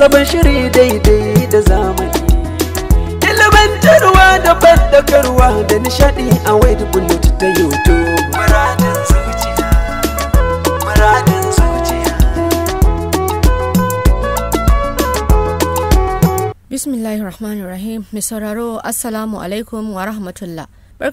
sabon shiri daidai da zamani ilimantarwa da faddakarwa da nishadi a wade bullet ta youtube muradin zuciya muradin zuciya bismillahirrahmanirrahim mai sauraro assalamu alaikum wa rahmatullah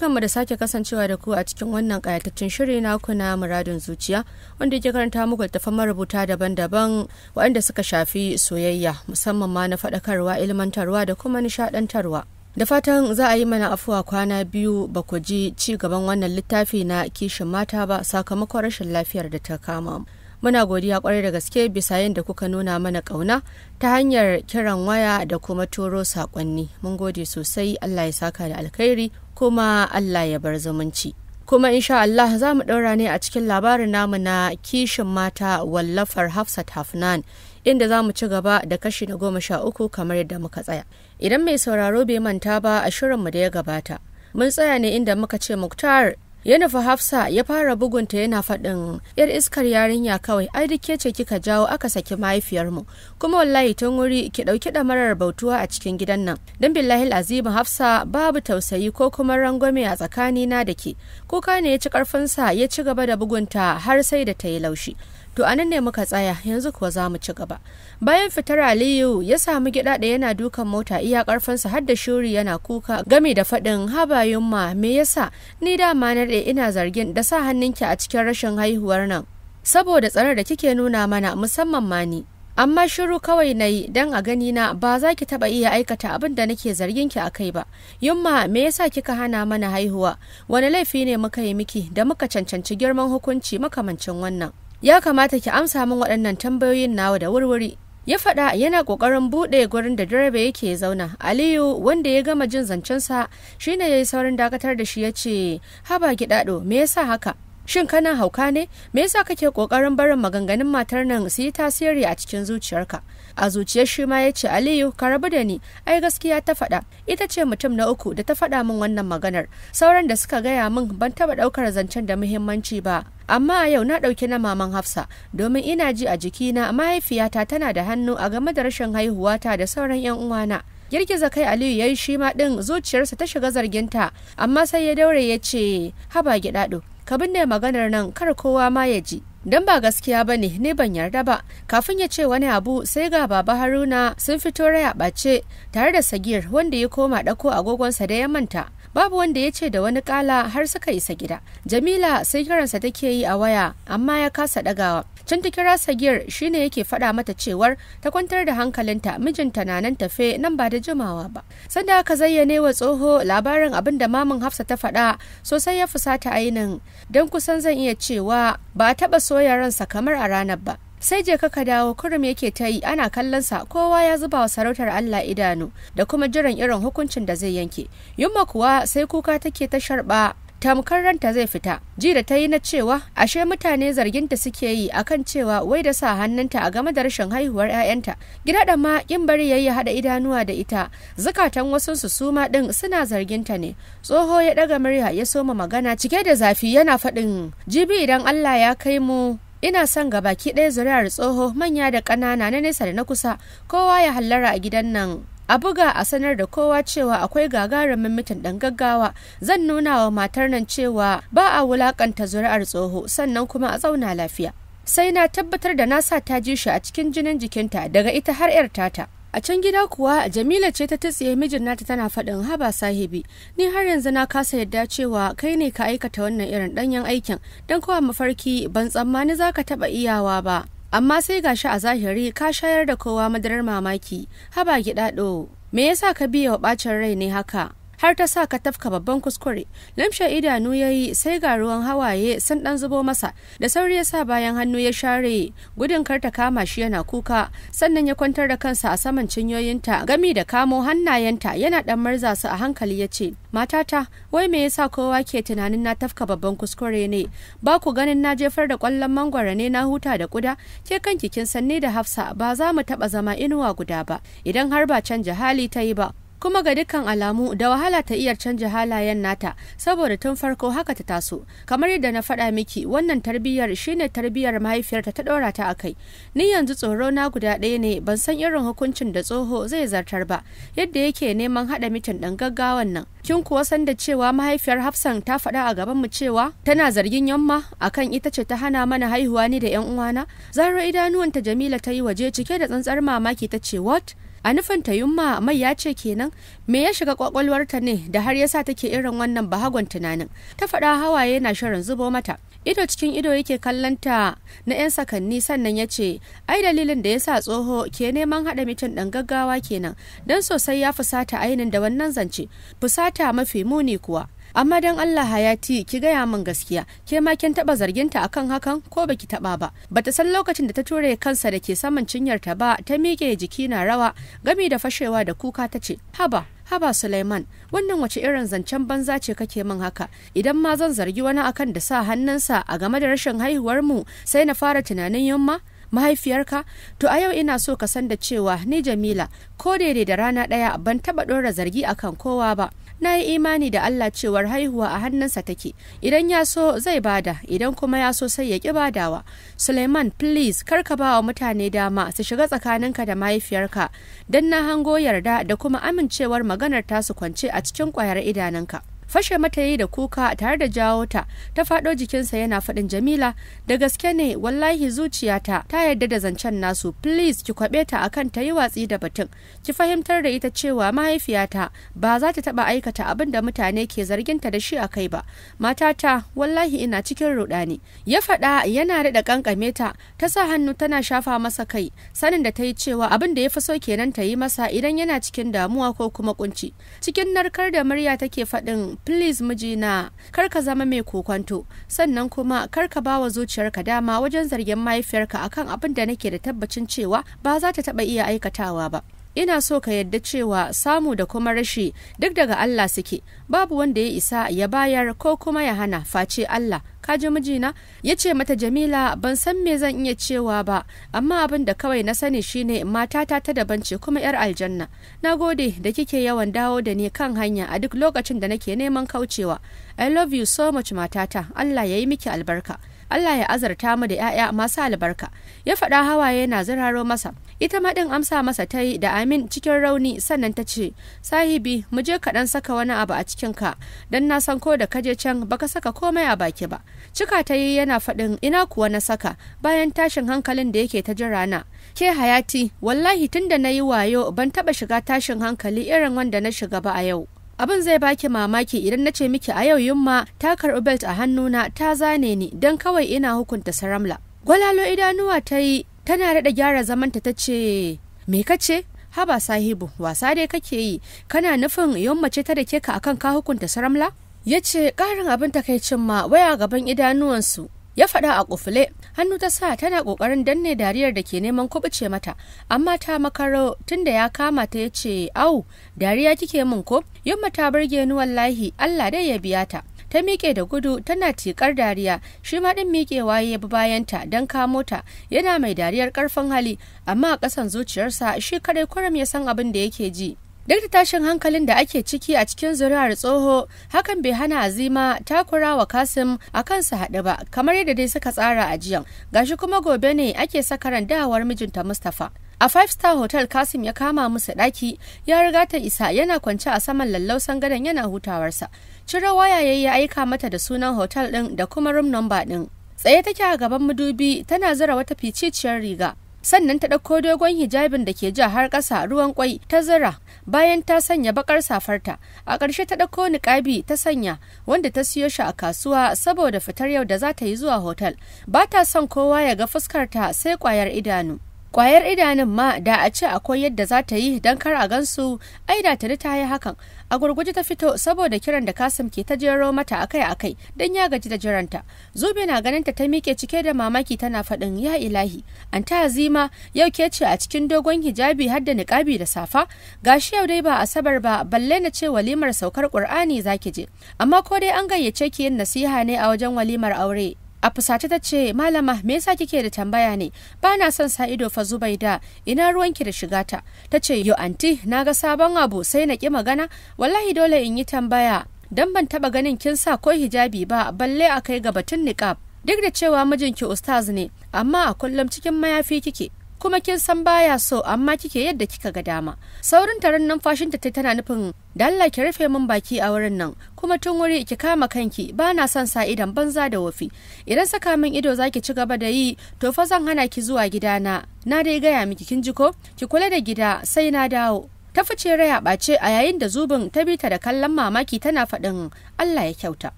mu da sake kasancewa da ku a cikin wannan kayataccen shiri na kuna muradin zuciya wanda yake karanta muku littafan marubuta daban-daban waɗanda suka shafi soyayya musamman ma na faɗakarwa ilmantarwa da kuma nishaɗantarwa. da fatan za a yi mana afuwa kwana biyu ba ku ji ci gaban wannan littafi na kishin mata ba sakamakon rashin lafiyar da ta kama muna godiya kwarai da gaske bisa yadda kuka nuna mana kauna ta hanyar kiran waya da kuma turo sakonni mun gode sosai allah ya saka da alkhairi kuma Allah ya bar zumunci. Kuma insha Allah za mu ɗaura ne a cikin labarin namu na kishin mata wallafar Hafsat Hafnan inda za mu ci gaba da kashi na goma sha uku kamar yadda muka tsaya. Idan mai sauraro bai manta ba a shirinmu da ya gabata. Mun tsaya ne inda muka ce Muktar ya hafsa ya fara bugunta yana faɗin yar iskar yarinya kawai ai duk ce kika jawo aka saki mahaifiyarmu kuma wallahi tun wuri ki ɗauki ɗamarar bautuwa a cikin gidan nan don billahi azimu hafsa babu tausayi ko kuma rangwame a tsakanina da ke kuka ne ya ci ƙarfinsa ya ci gaba da bugunta har sai da ta yi laushi To a nan ne muka tsaya yanzu kuwa za mu ci gaba. Bayan fitar Aliyu ya samu gida da yana dukan mota iya karfinsa har da shuri yana kuka gami da faɗin haba ma me yasa ni dama na ina zargin da sa hannunki a cikin rashin haihuwar nan. Saboda tsarar da kike nuna mana musamman ma ni. amma shiru kawai na yi don a gani na ba za ki taɓa iya aikata abin da nake zargin ki a kai ba yumma me yasa kika hana mana haihuwa wani laifi ne muka yi miki da muka cancanci girman hukunci makamancin wannan ya kamata ki amsa min waɗannan tambayoyin nawa da wurwuri ya faɗa yana ƙoƙarin buɗe gurin da direba yake zauna aliyu wanda ya gama jin zancensa shine ya yi saurin dakatar da shi ya ce haba gidaɗo me yasa haka shin kana hauka ne me yasa kake kokarin barin maganganun matar nan su yi tasiri a cikin zuciyarka a zuciyar shi ma ya ce aliyu ka rabu da ni ai gaskiya ta faɗa ita ce mutum na uku da ta faɗa min wannan maganar sauran da suka gaya min ban taɓa ɗaukar zancen da muhimmanci ba amma a yau na ɗauki na maman hafsa domin ina ji a jikina mahaifiyata tana da hannu a game da rashin haihuwata da sauran 'yan uwana girgiza kai aliyu ya yi shi ma ɗin zuciyarsa ta shiga zarginta amma sai ya daure ya ce haba gidaɗo ka binne maganar nan kar kowa ma ya ji dan ba gaskiya ba ne ni ban yarda ba kafin ya ce wani abu sai ga baba haruna sun fito raya ɓace tare da sagir wanda ya koma ɗako agogonsa da ya manta babu wanda ya ce da wani kala har suka isa gida jamila sai kiransa take yi a waya amma ya kasa ɗagawa Can ta kira Sagir shine yake faɗa mata cewar ta kwantar da hankalinta mijinta na nan tafe nan ba da jimawa ba. Sanda ka zayyane wa tsoho labarin abin da mamin Hafsa ta faɗa sosai ya fusata ainin don kusan zan iya cewa ba a taɓa soya ransa kamar a ranar ba. sai je ka dawo kurum yake ta yi ana kallonsa kowa ya zuba wa sarautar Allah idanu da kuma jiran irin hukuncin da zai yanke yumma kuwa sai kuka take ta sharba tamkar ranta zai fita ji da ta yi na cewa ashe mutane zarginta suke yi akan cewa wai da sa hannunta a game da rashin haihuwar 'ya'yanta gida da ma in bari yi hada idanuwa da ita zukatan wasu su suma ɗin suna zarginta ne tsoho ya ɗaga murya ya soma magana cike da zafi yana faɗin jibi idan Allah ya kai mu ina son ga baki ɗaya zuri'ar tsoho manya da ƙanana na nesa da na kusa kowa ya hallara a gidan nan a buga a sanar da kowa cewa akwai gagarumin mitin ɗan gaggawa zan nuna wa matar nan cewa ba a wulakanta zuri'ar tsoho sannan kuma a zauna lafiya sai na tabbatar da na sa ta ji shi a cikin jinin jikinta daga ita har 'yar tata a can gida kuwa jamila ce ta tsiya mijin nata tana faɗin haba sahibi ni har yanzu na kasa yadda cewa kai ne ka aikata wannan irin ɗanyen aikin don kowa mafarki ban tsammani za ka taɓa iyawa ba amma sai gashi a zahiri ka shayar da kowa madarar mamaki haba gidado me yasa ka biya wa bacin rai ne haka har ta sa ka tafka babban kuskure lamshe idanu ya yi sai ga ruwan hawaye sun dan zubo masa da sauri ya sa bayan hannu ya share gudun kar ta kama shi yana kuka sannan ya kwantar da kansa a saman cinyoyinta gami da kamo hannayenta yana dan marza su a hankali ya ce matata wai me yasa kowa ke tunanin na tafka babban kuskure ne ba ku ganin na jefar da kwallon mangwara ne na huta da kuda ke kanki kin sanni da hafsa ba za mu taba zama inuwa guda ba idan har ba canja hali ta yi ba kuma ga dukkan alamu da wahala ta iya canja halayen nata saboda tun farko haka ta taso kamar yadda na faɗa miki wannan tarbiyyar shine tarbiyyar mahaifiyarta ta ɗora ta akai ni yanzu tsoro na guda ɗaya ne ban san irin hukuncin da tsoho zai zartar ba yadda yake neman haɗa mitin ɗan gaggawan nan kin kuwa san da cewa mahaifiyar Hafsan ta faɗa a gaban mu cewa tana zargin yamma akan ita ce ta hana mana haihuwa ni da 'yan uwana zaro idanuwanta Jamila ta yi waje cike da tsantsar mamaki ta ce what a nufin ta yumma mai ya ce kenan me ya shiga kwakwalwarta ne da har yasa take irin wannan bahagon tunanin ta faɗa hawaye na shirin zubo mata ido cikin ido yake kallanta na 'yan sakanni sannan ya ce ai dalilin da ya sa tsoho ke neman haɗa mitin ɗan gaggawa kenan don sosai ya fusata ainin da wannan zance fusata mafi muni kuwa amma dan Allah hayati ki gaya min gaskiya ke ma kin taba zarginta akan hakan ko baki taba ba bata san lokacin da ta ture kansa da ke saman cinyar ta ba ta miƙe jiki na rawa gami da fashewa da kuka ta ce haba haba Suleiman wannan wace irin zancen banza ce kake min haka idan ma zan zargi wani akan da sa hannunsa a game da rashin haihuwar mu sai na fara tunanin yamma mahaifiyarka to a yau ina so ka san da cewa ni jamila ko daidai da rana ɗaya ban taɓa ɗora zargi akan kowa ba na yi imani da Allah cewar haihuwa a hannunsa take idan ya so zai bada idan kuma ya so sai ya ki badawa Suleiman please kar ka ba wa mutane dama su shiga tsakaninka da mahaifiyarka don na hango yarda da kuma amincewar maganar tasu kwance a cikin kwayar idanunka. fashe mata yi da kuka tare da jawo ta ta faɗo jikinsa yana faɗin jamila da gaske ne wallahi zuciyata ta yarda da zancen nasu please ki kwaɓe ta akan ta yi watsi da batun ki fahimtar da ita cewa mahaifiyata ba za ta taɓa aikata abin da mutane ke zargin ta da shi a kai ba matata wallahi ina cikin ruɗani ya faɗa yana da kankame ta ta sa hannu tana shafa masa kai sanin da ta yi cewa abin da ya fi so kenan ta yi masa idan yana cikin damuwa ko kuma kunci cikin narkar da murya take faɗin please mijina kar ka zama mai kokonto sannan kuma kar ka wa zuciyarka dama wajen zargin mahaifiyarka akan abin da nake da tabbacin cewa ba za ta taba iya aikatawa ba ina so ka yadda cewa samu da kuma rashi duk daga Allah suke babu wanda ya isa ya bayar ko kuma ya hana face Allah ka ji mijina ya ce mata jamila ban san me zan iya cewa ba amma abin da kawai na sani shine matata ta daban ce kuma yar aljanna na gode da kike yawan dawo da ni kan hanya a duk lokacin da nake neman kaucewa i love you so much matata allah ya yi miki albarka allah ya azarta mu da 'ya'ya masu albarka ya faɗa hawaye na ziraro masa ita ma din amsa masa ta yi da amin cikin rauni sannan ta ce sahibi mu je kaɗan saka wani abu a cikin ka dan na san ko da ka je can baka saka komai a baki ba cika ta yi yana faɗin ina kuwa na saka bayan tashin hankalin da yake ta jira rana ke hayati wallahi tun da na yi wayo ban taɓa shiga tashin hankali irin wanda na shiga ba a yau abin zai baki mamaki idan na ce miki a yau yumma ta karɓi belt a hannuna ta zane ni dan kawai ina hukunta saramla gwalalo idanuwa ta yi tana daɗa gyara zamanta ta ce me ka ce haba sahibu wasa dai kake yi kana nufin yawan mace ta da ke ka akan ka hukunta saramla ya ce ƙarin abin takaicin ma waya gaban idanuwansu ya faɗa a kufule hannu ta sa tana ƙoƙarin danne dariyar da ke neman kubuce mata amma ta makaro tunda ya kama ta ya ce au dariya kike min ko yamma ta burge ni wallahi allah dai ya biya ta ta miƙe da gudu tana tiƙar dariya shi ma ɗin miƙewa ya bi bayanta don kamo ta yana mai dariyar ƙarfin hali amma a ƙasan zuciyarsa shi kadai kurum ya san abin da yake ji. Duk da tashin hankalin da ake ciki a cikin zuri'ar tsoho, hakan bai hana azima ta kura wa Kasim a su haɗu ba, kamar yadda dai suka tsara a jiyan. Gashi kuma gobe ne ake sakaran dawar mijinta Mustapha. a five star hotel kasim ya kama musu ɗaki ya riga ta isa yana kwance a saman lallausan gadon yana hutawarsa cire waya yayi ya aika mata da sunan hotel ɗin da kuma room number ɗin tsaye take a gaban madubi tana zura wata ficiciyar riga sannan ta ɗauko dogon hijabin da ke ja har ƙasa ruwan kwai ta zira bayan ta sanya bakar safarta a ƙarshe ta ɗauko niƙabi ta sanya wanda ta siyo shi a kasuwa saboda fitar yau da za ta yi zuwa hotel ba ta son kowa ya ga fuskarta sai ƙwayar idanu kwayar idanun ma da a ce akwai yadda za ta yi don kar a gansu ai da tuni ta yi hakan a gurguje ta fito saboda kiran da kasim ke ta jero mata akai akai don ya gaji da jiranta zobe na ganin ta ta miƙe cike da mamaki tana faɗin ya ilahi an ta zima yau ke ce a cikin dogon hijabi har da niƙabi da safa gashi yau dai ba asabar ba balle na ce walimar saukar ƙur'ani zaki je amma ko dai an gayyace ki yin nasiha ne a wajen walimar aure a fusace ta ce malama me yasa kike da tambaya ne ba na son sa ido fa zubaida ina ruwan ki da shiga ta ta ce yo anti na ga sabon abu sai na ki magana wallahi dole in yi tambaya dan ban taba ganin kin sa ko hijabi ba balle a kai ga batun niqab duk da cewa mijinki ustaz ne amma a kullum cikin mayafi kike kuma kin san baya so amma kike yadda kika ga dama saurin taron numfashin ta tana nufin dalla ki rufe min baki a wurin nan kuma tun wuri ki kama kanki ba na son sa idan banza da wofi idan saka min ido zaki ci gaba da yi to fa zan hana ki zuwa gidana na dai gaya miki kin ji ko ki kula da gida sai na dawo ta fice raya ɓace a yayin da zubin ta bi ta da kallon mamaki tana faɗin Allah ya kyauta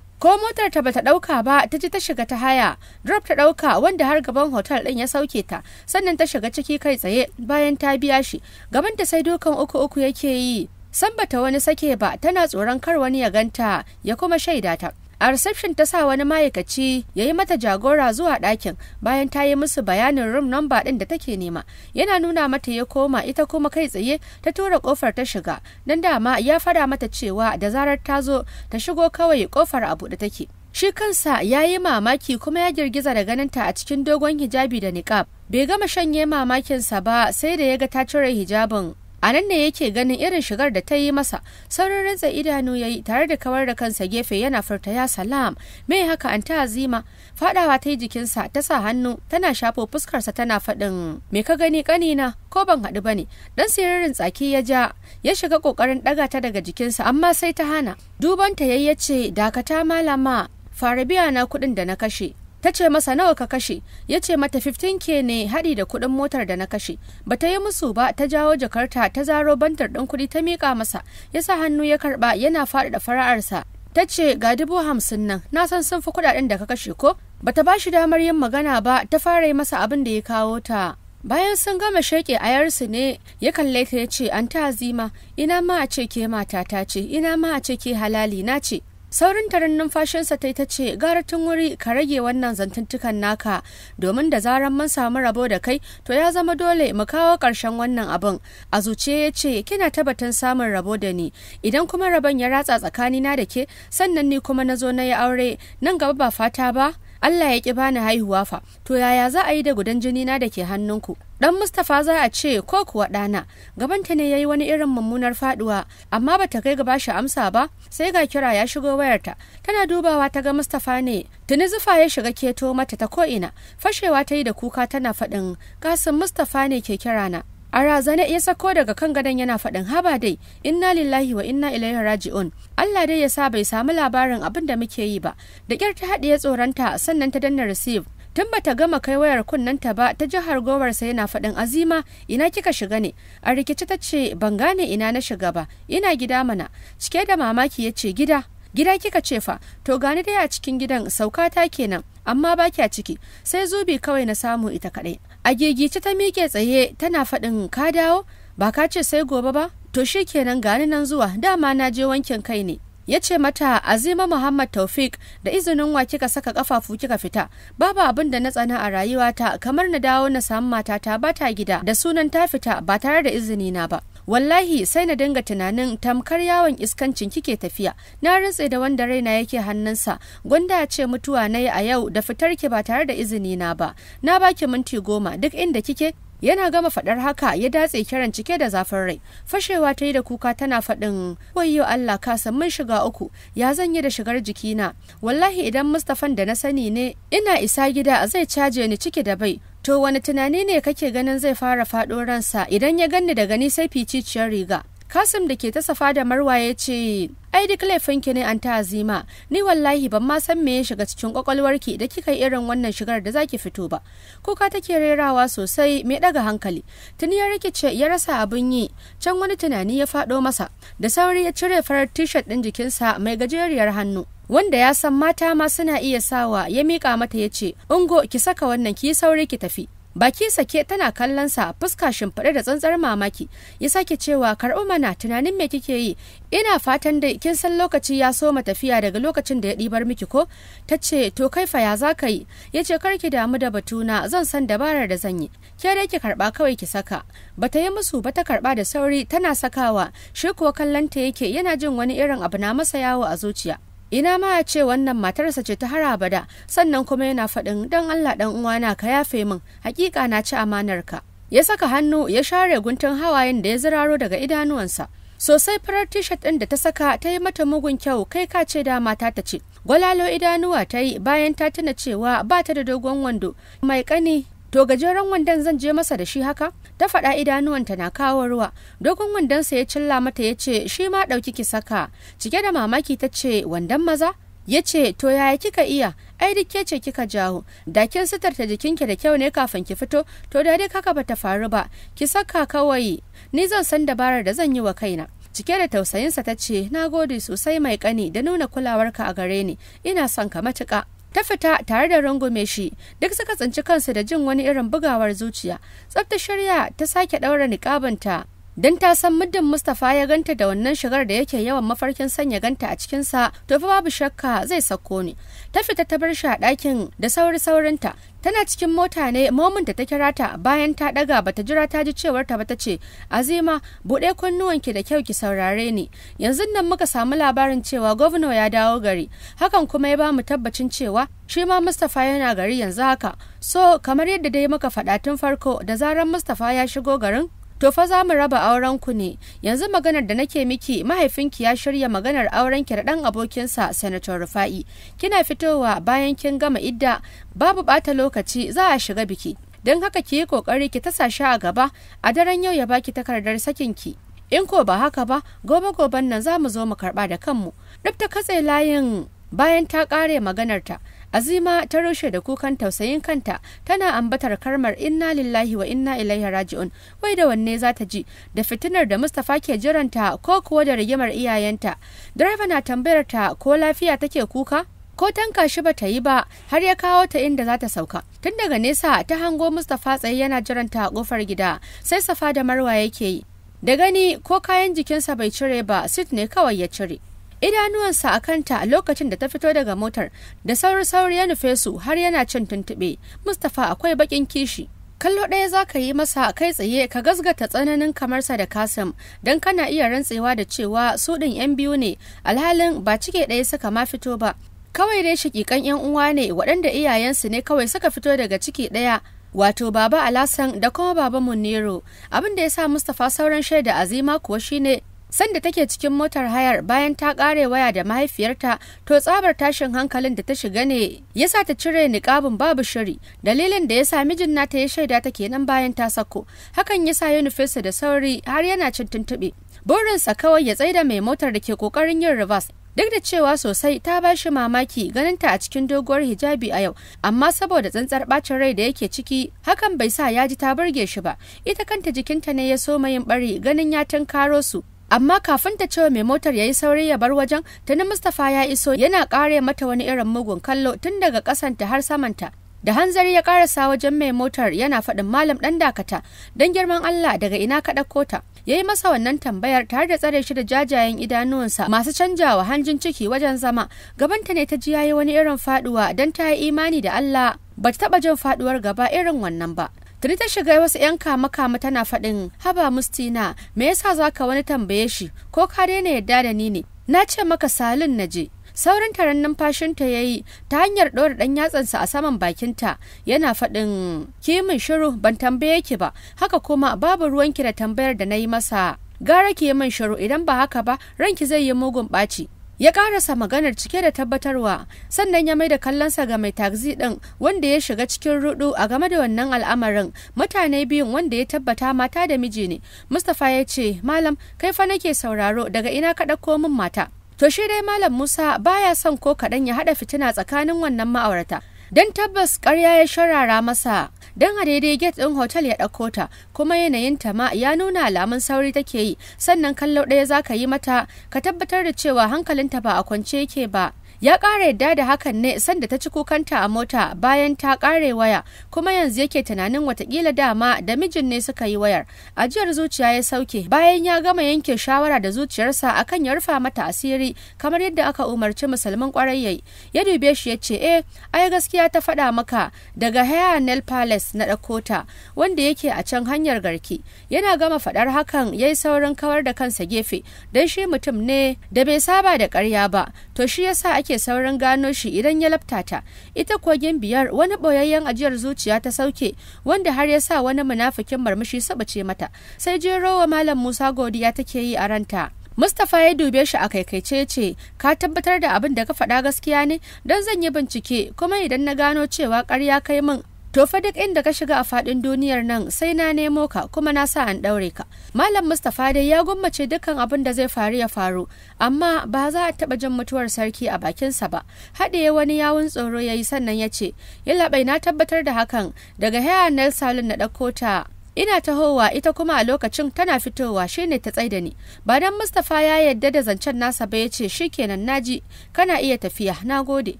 ko motar ta bata dauka ba ta ji ta shiga ta haya drop ta dauka wanda har gaban hotel din ya sauke ta sannan ta shiga ciki kai tsaye bayan ta biya shi gaban ta sai dukan uku uku yake yi san bata wani sake ba tana tsoron kar wani ya ganta ya kuma shaida ta a reception ta sa wani ma'aikaci ya yi mata jagora zuwa ɗakin bayan ta yi musu bayanin room number ɗin da take nema yana nuna mata ya koma ita kuma kai tsaye ta tura kofar ta shiga dan dama ya fada mata cewa da zarar ta zo ta shigo kawai kofar a buɗe take shi kansa ya yi mamaki kuma ya girgiza da ganinta a cikin dogon hijabi da niqab bai gama shanye mamakinsa ba sai da ya ga ta cire hijabin a nan ne yake ganin irin shigar da ta yi masa saurin rantsa idanu ya yi tare da kawar da kansa gefe yana furta ya salam mai haka an ta azima fadawa ta yi jikinsa ta sa hannu tana shafo fuskarsa tana faɗin me ka gani kanina ko ban haɗu ba ne Ɗan siririn tsaki ya ja ya shiga ƙoƙarin ɗaga ta daga jikinsa amma sai ta hana duban ta yayyace dakata malama fara biya na kuɗin da na kashe ta ce masa nawa ka kashe ya ce mata 15k ne haɗi da kuɗin motar da na kashe ba ta yi musu ba ta jawo jakarta ta zaro bantar ɗin kuɗi ta miƙa masa ya sa hannu ya karɓa yana faɗaɗa fara'arsa ta ce ga dubu hamsin nan na san sun fi kuɗaɗen da ka kashe ko bata ba shi damar yin magana ba ta fara yi masa abin da ya kawo ta bayan sun gama sheke yarsu ne ya kalle ta ya ce an ta zima ina ma a ce ke mata ta ce ina ma a ce ke halali na ce saurin taron numfashinsa ta ita ce gara tun wuri ka rage wannan zantuntukan naka domin da zaran mun samu rabo da kai to ya zama dole mu kawo karshen wannan abin a zuciya ya ce kina tabbatin samun rabo da ni idan kuma rabon ya ratsa tsakanina da ke sannan ni kuma na zo na yi aure nan gaba ba fata ba Allah ya ki bani haihuwa fa to yaya za a yi da gudan jini na da ke hannunku dan Mustapha za a ce ko kuwa ɗana gabanta ne yayi wani irin mummunar faduwa amma bata kai gaba shi amsa ba sai ga kira ya shigo wayarta tana dubawa ta ga Mustapha ne tuni zufa ya shiga keto mata ta ko ina fashewa ta yi da kuka tana faɗin kasan Mustapha ne ke kira na a razana ya sako daga kan gadon yana faɗin haba dai inna lillahi wa inna ilaihi raji'un Allah dai ya sa bai samu labarin abin da muke yi ba da kyar ta haɗiye tsoronta sannan ta danna receive tun ba ta gama kai wayar ta ba ta ji sa yana faɗin azima ina kika shiga ne a rikici ta ce ban gane ina na shiga ba ina gida mana cike da mamaki ya ce gida gida kika ce fa to gani dai a cikin gidan sauka ta kenan amma ba a ciki sai zubi kawai na samu ita kaɗai a gigice ta miƙe tsaye tana faɗin ka dawo ba ka ce sai gobe ba to shi kenan gani nan zuwa dama na je wankin kai ne ya ce mata azima muhammad taufik da izinin wa kika saka kafafu kika fita babu abin da na tsana a rayuwata kamar na dawo na samu matata ba ta gida da sunan ta fita ba tare da izini na ba wallahi sai na dinga tunanin tamkar yawon iskancin kike tafiya na rantse da wanda raina yake hannunsa gwanda ce mutuwa na yi a yau da fitar ki ba tare da izini na ba na baki minti goma duk inda kike yana gama faɗar haka ya datse kiran cike da zafin rai fashewa ta yi da kuka tana faɗin wayo Allah ka san mun shiga uku ya zan yi da shigar jikina wallahi idan Mustafan da na sani ne ina isa gida zai caje ni cike da bai To wani tunani ne kake ganin zai fara faɗo ransa idan ya ganni daga ni sai ficiciyar riga. Kasim da ke ta safa da marwa ya ce, Ai duk laifinki ne an ta azima, ni wallahi ban ma san me ya shiga cikin kwakwalwarki da kika irin wannan shigar da zaki fito ba. Kuka take rerawa sosai mai daga hankali, tuni ya rikice ya rasa abin yi, can wani tunani ya faɗo masa, da sauri ya cire farar tishat ɗin jikinsa mai gajeriyar hannu. wanda ya san mata ma suna iya sawa ya miƙa mata ya ce ungo ki saka wannan ki sauri ki tafi baki sake tana kallon sa fuska shimfiɗe da tsantsar mamaki ya sake cewa karɓi mana tunanin me kike yi ina fatan dai kin san lokaci ya so ma tafiya daga lokacin da ya ɗibar miki ko ta ce to kai fa ya za ka yi ya ce ki damu da batuna zan san dabarar da zan yi ke dai ki karɓa kawai ki saka bata yi musu ba ta karɓa da sauri tana sakawa shi kuwa kallon ta yake yana jin wani irin abu na masa yawo a zuciya ina ma ya ce wannan matarsa ce ta haraba da sannan kuma yana faɗin dan Allah dan uwana ka yafe min hakika na ci amanar ka. ya saka hannu ya share guntun hawayen da ya ziraro daga idanuwansa sosai farar tishat ɗin da ta saka ta yi mata mugun kyau kai ka ce da mata ta ce gwalalo idanuwa ta yi bayan ta tuna cewa ba ta da dogon wando mai ƙani? To gajeren wandon zan je masa da shi haka? Ta faɗa idanuwanta na kawo ruwa. Dogon wandonsa ya cilla mata ya ce shi ma ɗauki ki saka. Cike da mamaki ta ce wandon maza? Ya ce to yaya kika iya? Ai duk ke ce kika jawo. Da kin sitarta jikinki da kyau ne kafin ki fito? To da duk haka bata faru ba. Ki saka kawai. Ni zan san dabarar da zan yi wa kaina. cike da tausayinsa ta ce na gode sosai mai kani da nuna kulawarka a gare ni ina son ka matuƙa ta fita tare da rangume shi duk suka tsinci kansu da jin wani irin bugawar zuciya tsafta shirya ta sake ɗaura niƙabanta don ta san muddin Mustapha ya ganta da wannan shigar da yake yawan mafarkin sanya ganta a cikinsa to fa babu shakka zai sako ni ta fita ta bar shi a ɗakin da sauri saurinta tana cikin mota ne momin da ta kira ta bayan ta ɗaga, bata jira ta ji cewar ta ba ta ce azima buɗe kunnuwanki da kyau ki saurare ni yanzu nan muka samu labarin cewa gwamna ya dawo gari hakan kuma ya ba mu tabbacin cewa shi ma mustapha yana gari yanzu haka so kamar yadda dai muka faɗa tun farko da zarar mustapha ya shigo garin to fa za mu raba auren ku ne yanzu maganar da nake miki mahaifinki ya shirya maganar auren ki da dan abokinsa senator rufa'i kina fitowa bayan kin gama idda babu bata lokaci za a shiga biki don haka ki yi kokari ki tasa shi a gaba a daren yau ya baki takardar sakin ki in ko ba haka ba gobe goben nan za mu zo mu karba da kanmu Dubta katse layin bayan ta kare maganarta azima ta rushe da kukan tausayin kanta tana ambatar karmar inna lillahi wa inna ilaihi raji'un wai da wanne za ta ji da fitinar da mustafa ke jiranta ko kuwa da rigimar iyayenta direba na tambayar ta ko lafiya take kuka ko tanka shi ba ta yi ba har ya kawo ta inda za ta sauka tun daga nesa ta hango mustafa tsaye yana jiranta a kofar gida sai safa da marwa yake yi da gani ko kayan jikinsa bai cire ba sit ne kawai ya cire idanuwansa a kanta a lokacin da ta fito daga motar da sauri sauri ya nufe su har yana cin tuntuɓe mustapha akwai bakin kishi kallo ɗaya za ka yi masa a kai tsaye ka gasgata tsananin kamarsa da kasim don kana iya rantsewa da cewa su ɗin 'yan biyu ne alhalin ba cike ɗaya suka ma fito ba kawai dai shakikan 'yan uwa ne waɗanda iyayensu ne kawai suka fito daga ciki ɗaya wato baba alasan da kuma baba munero abin da ya sa mustapha sauran shaida azima kuwa shine sanda take cikin motar hayar bayan ta kare waya da mahaifiyarta to tsabar tashin hankalin da ta shiga ne yasa ta cire niƙabin babu shiri dalilin da yasa mijin nata ya shaida ta kenan bayan ta sako hakan yasa ya da sauri har yana cin tuntuɓe burinsa kawai ya tsaida mai motar da ke kokarin yin reverse duk da cewa sosai ta ba shi mamaki ganinta a cikin doguwar hijabi a yau amma saboda tsantsar bacin rai da yake ciki hakan bai sa ya ji ta burge shi ba ita kanta jikinta ne ya so mayin bari ganin ya tunkaro su amma kafin ta cewa mai motar ya yi sauri ya bar wajen tuni mustapha ya iso yana kare mata wani irin mugun kallo tun daga kasanta har samanta da hanzari ya karasa wajen mai motar yana faɗin malam ɗan dakata don girman allah daga ina ka ɗauko ta ya yi masa wannan tambayar tare da tsare shi da jajayen idanuwansa masu canjawa hanjin ciki wajen zama gabanta ne ta ji ya yi wani irin faduwa don ta yi imani da allah ba ta taɓa jin faduwar gaba irin wannan ba Tuni ta shiga wasu 'yan kama-kama tana faɗin haba mustina me yasa za ka wani tambaye shi ko ka daina yadda da ni ne na ce maka salin na je. Saurin taron numfashinta ya yi ta hanyar ɗora ɗan yatsansa a saman bakinta yana faɗin kimin shiru ban tambaye ki ba haka kuma babu ruwanki da tambayar da na yi masa. Gara ki yi min shiru idan ba haka ba ranki zai yi mugun ɓaci ya karasa maganar cike da tabbatarwa sannan ya maida kallonsa ga mai taxi din wanda ya shiga cikin rudu a game da wannan al'amarin mutane biyun wanda ya tabbata mata da miji ne mustapha ya ce malam kai fa nake sauraro daga ina ka ɗauko min mata to shi dai malam musa baya son ko kaɗan ya haɗa fitina tsakanin wannan ma'aurata dan tabbas ƙarya ya sharara masa don a daidai gate ɗin hotel ya ɗauko ta kuma yanayin ta ma ya nuna alamun sauri take yi sannan kallo ɗaya za ka yi mata ka tabbatar da cewa hankalinta ba a kwance yake ba ya ƙara yadda da hakan ne sanda ta ci kukanta a mota bayan ta kare waya kuma yanzu yake tunanin watakila dama da mijin ne suka yi wayar ajiyar zuciya ya sauke bayan ya gama yanke shawara da zuciyarsa akan ya rufa mata asiri kamar yadda aka umarci musulmin kwarai ya dube shi ya ce e ai gaskiya ta faɗa maka daga Haya Nel Palace na Dakota wanda yake a can hanyar garki yana gama faɗar hakan yayi saurin kawar da kansa gefe don shi mutum ne da bai saba da ƙarya ba to shi yasa ake ake saurin gano shi idan ya laftata ita kogin biyar wani boyayyen ajiyar zuciya ta sauke wanda har ya sa wani munafikin marmashi sabace mata sai jerowa malam musa godiya take yi a ranta Mustapha ya dube shi a kaikaice ce, "Ka tabbatar da abin da ka faɗa gaskiya ne, don zan yi bincike, kuma idan na gano cewa ƙarya kai min To fa duk inda ka shiga a faɗin duniyar nan sai na nemo ka kuma na sa an ɗaure ka. Malam Mustapha dai ya gwammace dukkan abin da zai faru ya faru, amma ba za a taɓa jin mutuwar sarki a bakinsa ba. Haɗiye wani yawun tsoro ya yi sannan ya ce, bai na tabbatar da hakan daga Haya Nelson na ɗauko ta ina tahowa ita kuma a lokacin tana fitowa Shi ne ta tsaida ni ba dan Mustapha ya yadda da zancen nasa ba yace shikenan naji kana iya tafiya Na gode.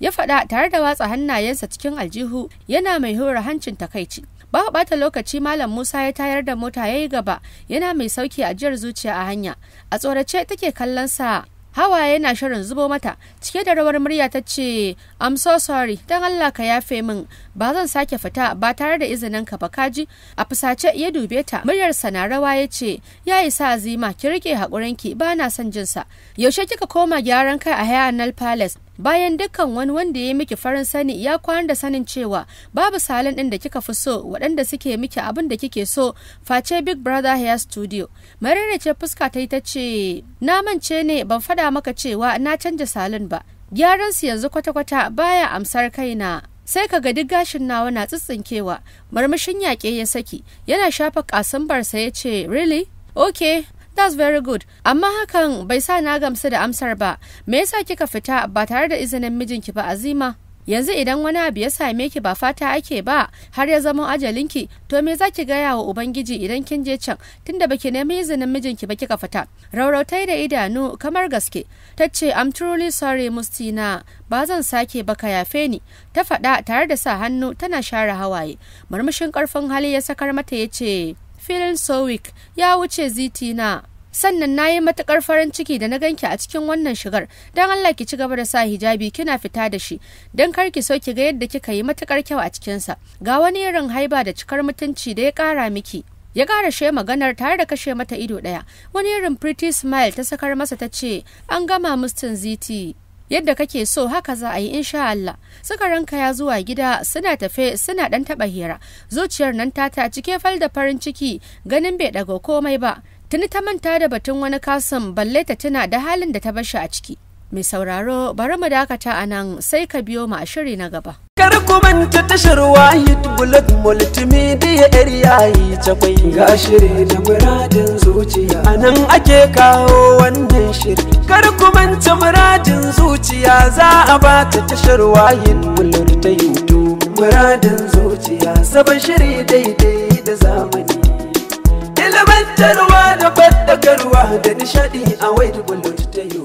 ya faɗa tare da watsa hannayensa cikin aljihu yana mai hura hancin takaici ba bata lokaci malam Musa ya tayar da mota yayi gaba yana mai sauki ajiyar zuciya a hanya a tsorace take kallon sa hawaye na shirin zubo mata cike da rawar murya ta ce i'm so sorry don allah ka yafe min ba zan sake fita ba tare da izinin ka ba kaji a fusace ya dube ta muryarsa na rawa ya ce ya isa azima ki rike haƙurinki ba na son jinsa yaushe kika koma gyaran kai a hayanal palace bayan dukkan wani wanda ya miki farin sani ya kwana da sanin cewa babu salon ɗin da kika fi so waɗanda suke miki abin da kike so face big brother hair studio marire ce fuska ta yi ta ce na mance ne ban faɗa maka cewa na canja salon ba gyaran su yanzu kwata-kwata baya amsar kaina sai ka ga duk gashin nawa na tsitsinkewa marmashin yaƙe ya saki yana shafa kasambarsa ya ce really okay That's very good. Amma hakan bai sa na gamsu da amsar ba. Me yasa kika fita ba tare da izinin mijinki ba Azima? Yanzu idan wani abu ya same ki ba fata ake ba har ya zama ajalinki to me za ki gaya wa Ubangiji idan kin je can tunda baki nemi izinin mijinki ba kika fita. Raurautai da idanu kamar gaske. Ta ce I'm truly sorry Mustina ba zan sake ba ka yafe ni ta faɗa tare da sa hannu tana share hawaye. Murmushin ƙarfin hali ya sakar mata ya ce filin sowik ya wuce ziti na sannan na yi matukar farin ciki da na ganki a cikin wannan shigar don Allah ki ci gaba da sa hijabi kina fita da shi don kar ki so ki ga yadda kika yi matukar kyau a cikinsa ga wani irin haiba da cikar mutunci da ya kara miki ya ƙara she maganar tare da kashe mata ido ɗaya wani irin pretty smile ta sakar masa ta ce an gama mustin ziti yadda kake so haka za a yi insha Allah suka ranka ya zuwa gida suna tafe suna dan taba hira zuciyar nan ta ta cike fal da farin ciki ganin bai dago komai ba tuni ta manta da batun wani kasan balle ta tuna da halin da ta bashi a ciki Mai sauraro bari mu dakata a nan sai ka biyo mu a shiri na gaba. Kar ku manta tashar Wahid Bullet Multimedia Area yi ta kwai. Ga shiri da muradin zuciya. A nan ake kawo wannan shiri. Kar ku manta muradin zuciya za a ba ta tashar Wahid Bullet ta YouTube. Muradin zuciya sabon shiri daidai da zamani. Ilimantarwa da faɗakarwa da nishaɗi a Wahid Bullet ta YouTube.